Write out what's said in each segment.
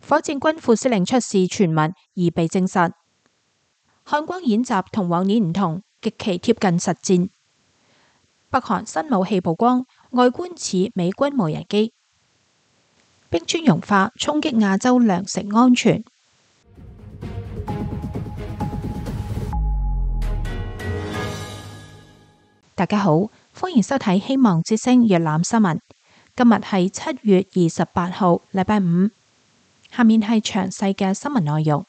火箭軍副司令出事傳聞疑被證實。漢光演習同往年唔同，極其貼近實戰。北韓新武器曝光，外觀似美軍無人機。冰川融化衝擊亞洲糧食安全。大家好，歡迎收睇《希望之聲》粵覽新聞。今日係七月二十八號，禮拜五。下面係詳細嘅新聞內容。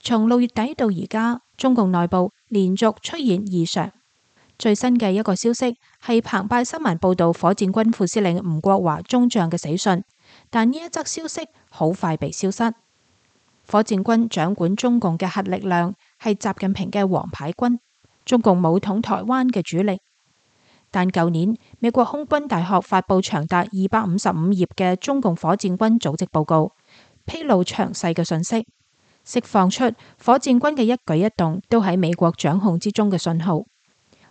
從六月底到而家，中共內部連續出現異常。最新嘅一個消息係澎湃新聞報道火箭軍副司令吳國華中將嘅死訊，但呢一則消息好快被消失。火箭軍掌管中共嘅核力量，係習近平嘅皇牌軍，中共武統台灣嘅主力。但舊年美國空軍大學發佈長達二百五十五頁嘅中共火箭軍組織報告。披露詳細嘅信息，釋放出火箭軍嘅一舉一動都喺美國掌控之中嘅信號。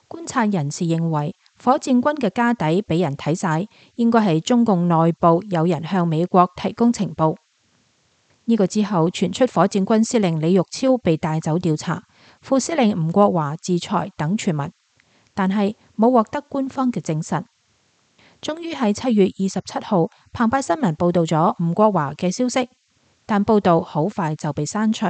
觀察人士認為，火箭軍嘅家底俾人睇晒，應該係中共內部有人向美國提供情報。呢、這個之後傳出火箭軍司令李玉超被帶走調查，副司令吳國華自裁等傳聞，但係冇獲得官方嘅證實。終於喺七月二十七號，澎湃新聞報道咗吳國華嘅消息。但報道好快就被刪除。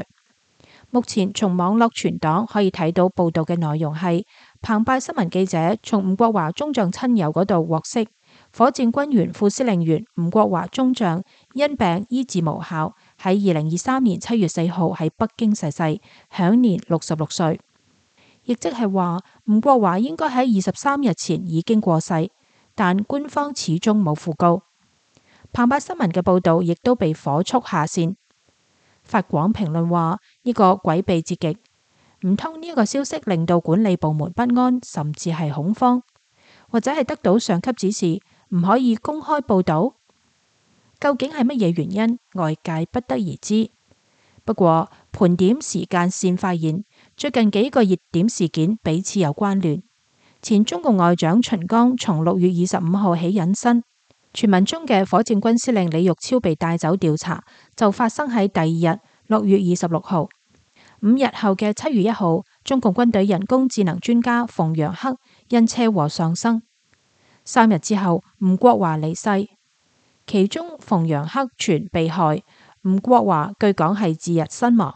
目前從網絡存檔可以睇到報道嘅內容係，澎湃新聞記者從吳國華中將親友嗰度獲悉，火箭軍員副司令員吳國華中將因病醫治無效，喺二零二三年七月四號喺北京逝世，享年六十六歲。亦即係話，吳國華應該喺二十三日前已經過世，但官方始終冇訃告。澎湃新聞嘅報道亦都被火速下線。法廣評論話：呢個詭秘至極，唔通呢一個消息令到管理部門不安，甚至係恐慌，或者係得到上級指示唔可以公開報道？究竟係乜嘢原因？外界不得而知。不過盤點時間線發現，最近幾個熱點事件彼此有關聯。前中共外長秦剛從六月二十五號起隱身。傳聞中嘅火箭軍司令李玉超被帶走調查，就發生喺第二日，六月二十六號。五日後嘅七月一號，中共軍隊人工智能專家馮楊克因車禍喪生。三日之後，吳國華離世。其中，馮楊克傳被害，吳國華據講係自日身亡。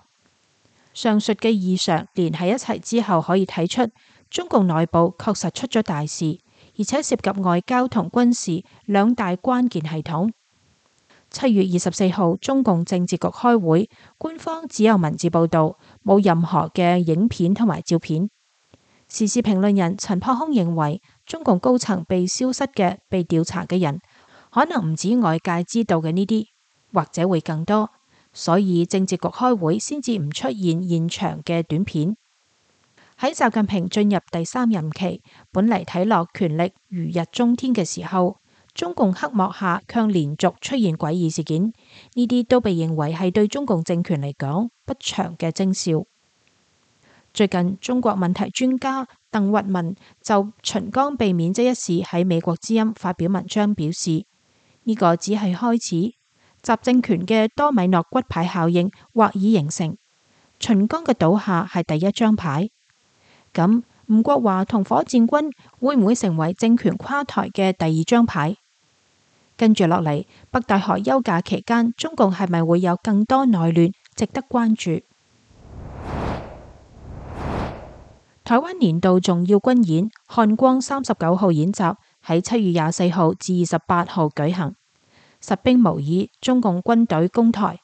上述嘅異常連喺一齊之後，可以睇出中共內部確實出咗大事。而且涉及外交同軍事兩大關鍵系統。七月二十四號，中共政治局開會，官方只有文字報道，冇任何嘅影片同埋照片。時事評論人陳破空認為，中共高層被消失嘅、被調查嘅人，可能唔止外界知道嘅呢啲，或者會更多。所以政治局開會先至唔出現現場嘅短片。喺習近平進入第三任期，本嚟睇落權力如日中天嘅時候，中共黑幕下卻連續出現詭異事件，呢啲都被認為係對中共政權嚟講不祥嘅徵兆。最近，中國問題專家鄧郁文就秦剛被免職一事喺美國之音發表文章表示：呢、這個只係開始，習政權嘅多米諾骨牌效應或已形成，秦剛嘅倒下係第一張牌。咁，吳國華同火箭軍會唔會成為政權垮台嘅第二張牌？跟住落嚟，北戴河休假期間，中共係咪會有更多內亂值得關注？ 台灣年度重要軍演漢光三十九號演習喺七月廿四號至二十八號舉行，實兵模擬中共軍隊攻台。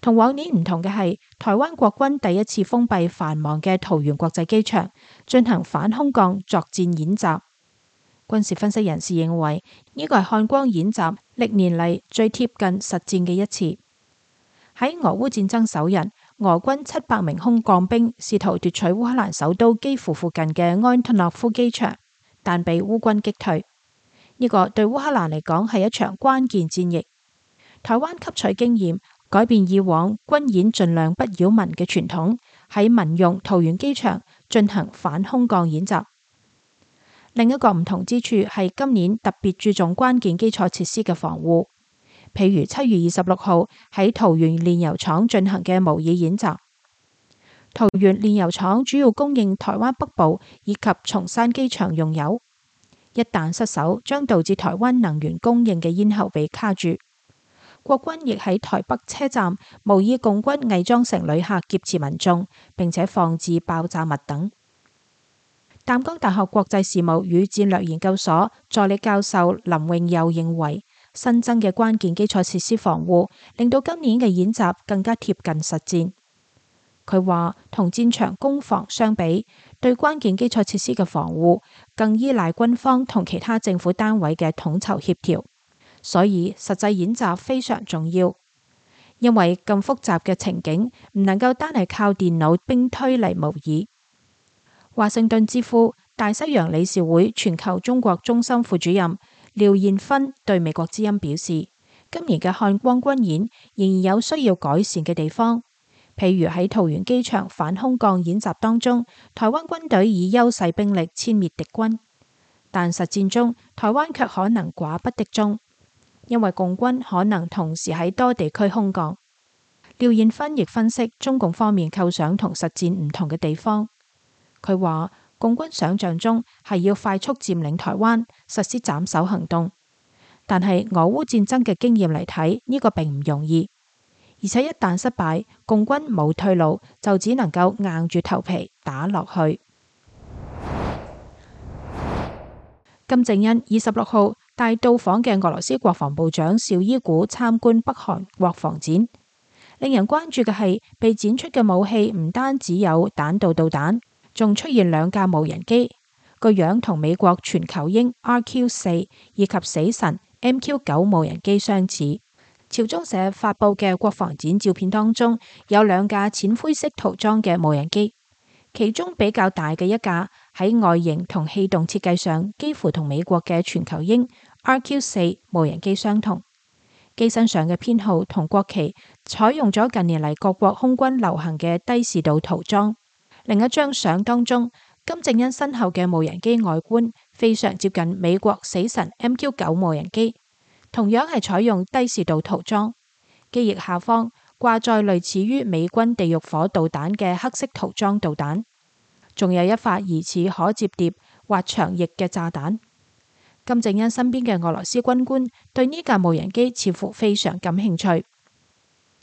同往年唔同嘅係，台灣國軍第一次封閉繁忙嘅桃園國際機場進行反空降作戰演習。軍事分析人士認為，呢個係漢光演習歷年嚟最貼近實戰嘅一次。喺俄烏戰爭首日，俄軍七百名空降兵試圖奪取烏克蘭首都基輔附近嘅安特洛夫機場，但被烏軍擊退。呢、這個對烏克蘭嚟講係一場關鍵戰役。台灣吸取經驗。改變以往軍演盡量不擾民嘅傳統，喺民用桃園機場進行反空降演習。另一個唔同之處係今年特別注重關鍵基礎設施嘅防護，譬如七月二十六號喺桃園煉油廠進行嘅模擬演習。桃園煉油廠主要供應台灣北部以及松山機場用油，一旦失守，將導致台灣能源供應嘅咽喉被卡住。國軍亦喺台北車站模擬共軍偽裝成旅客劫持民眾，並且放置爆炸物等。淡江大學國際事務與戰略研究所助理教授林永佑認為，新增嘅關鍵基礎設施防護，令到今年嘅演習更加貼近實戰。佢話：同戰場攻防相比，對關鍵基礎設施嘅防護，更依賴軍方同其他政府單位嘅統籌協調。所以實際演習非常重要，因為咁複雜嘅情景唔能夠單係靠電腦兵推嚟模擬。華盛頓之父、大西洋理事會全球中國中心副主任廖彥芬對美國之音表示，今年嘅漢光軍演仍然有需要改善嘅地方，譬如喺桃園機場反空降演習當中，台灣軍隊以優勢兵力殲滅敵軍，但實戰中台灣卻可能寡不敵眾。因為共軍可能同時喺多地區空降，廖燕芬亦分析中共方面構想同實戰唔同嘅地方。佢話共軍想象中係要快速佔領台灣，實施斬首行動，但係俄烏戰爭嘅經驗嚟睇呢個並唔容易，而且一旦失敗，共軍冇退路，就只能夠硬住頭皮打落去。 金正恩二十六號。大到訪嘅俄羅斯國防部長紹伊古參觀北韓國防展，令人關注嘅係被展出嘅武器唔單止有彈道導彈，仲出現兩架無人機，個樣同美國全球鷹 RQ 四以及死神 MQ 九無人機相似。朝中社發佈嘅國防展照片當中有兩架淺灰色塗裝嘅無人機，其中比較大嘅一架喺外形同氣動設計上幾乎同美國嘅全球鷹。RQ 四無人機相同，機身上嘅編號同國旗，採用咗近年嚟各國空軍流行嘅低視度塗裝。另一張相當中，金正恩身後嘅無人機外觀非常接近美國死神 MQ 九無人機，同樣係採用低視度塗裝，機翼下方掛載類似於美軍地獄火導彈嘅黑色塗裝導彈，仲有一發疑似可折疊滑翔翼嘅炸彈。金正恩身邊嘅俄羅斯軍官對呢架無人機似乎非常感興趣。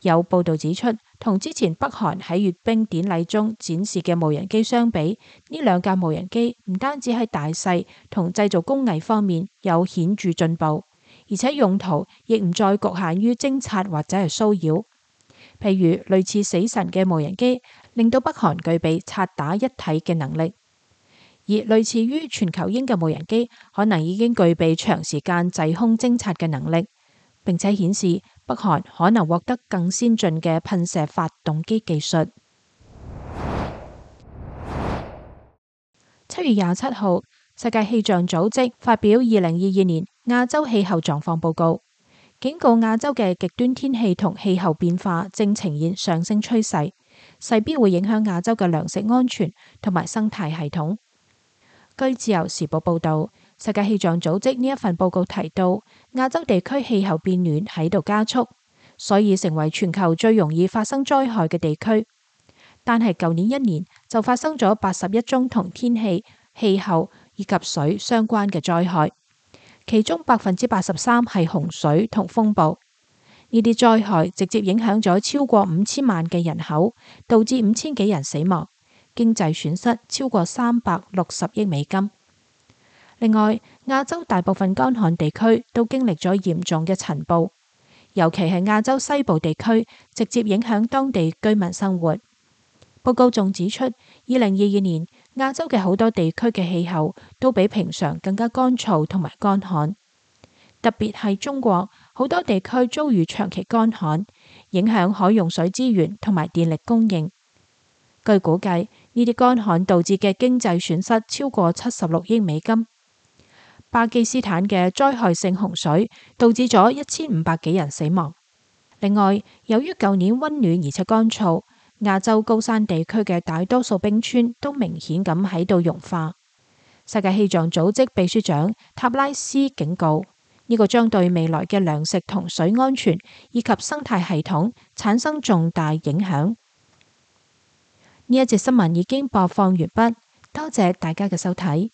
有報導指出，同之前北韓喺閱兵典禮中展示嘅無人機相比，呢兩架無人機唔單止喺大細同製造工藝方面有顯著進步，而且用途亦唔再局限於偵察或者係騷擾。譬如類似死神嘅無人機，令到北韓具備察打一體嘅能力。而類似於全球鷹嘅無人機，可能已經具備長時間滯空偵察嘅能力，並且顯示北韓可能獲得更先進嘅噴射發動機技術。七月廿七號，世界氣象組織發表二零二二年亞洲氣候狀況報告，警告亞洲嘅極端天氣同氣候變化正呈現上升趨勢，勢必會影響亞洲嘅糧食安全同埋生態系統。據自由時報報道，世界氣象組織呢一份報告提到，亞洲地區氣候變暖喺度加速，所以成為全球最容易發生災害嘅地區。但係舊年一年就發生咗八十一宗同天氣、氣候以及水相關嘅災害，其中百分之八十三係洪水同風暴。呢啲災害直接影響咗超過五千萬嘅人口，導致五千幾人死亡。經濟損失超過三百六十億美金。另外，亞洲大部分乾旱地區都經歷咗嚴重嘅塵暴，尤其係亞洲西部地區，直接影響當地居民生活。報告仲指出，二零二二年亞洲嘅好多地區嘅氣候都比平常更加乾燥同埋乾旱，特別係中國，好多地區遭遇長期乾旱，影響海用水資源同埋電力供應。據估計。呢啲乾旱導致嘅經濟損失超過七十六億美金。巴基斯坦嘅災害性洪水導致咗一千五百幾人死亡。另外，由於舊年溫暖而且乾燥，亞洲高山地區嘅大多數冰川都明顯咁喺度融化。世界氣象組織秘書長塔拉斯警告：呢個將對未來嘅糧食同水安全以及生態系統產生重大影響。呢一隻新聞已經播放完畢，多謝大家嘅收睇。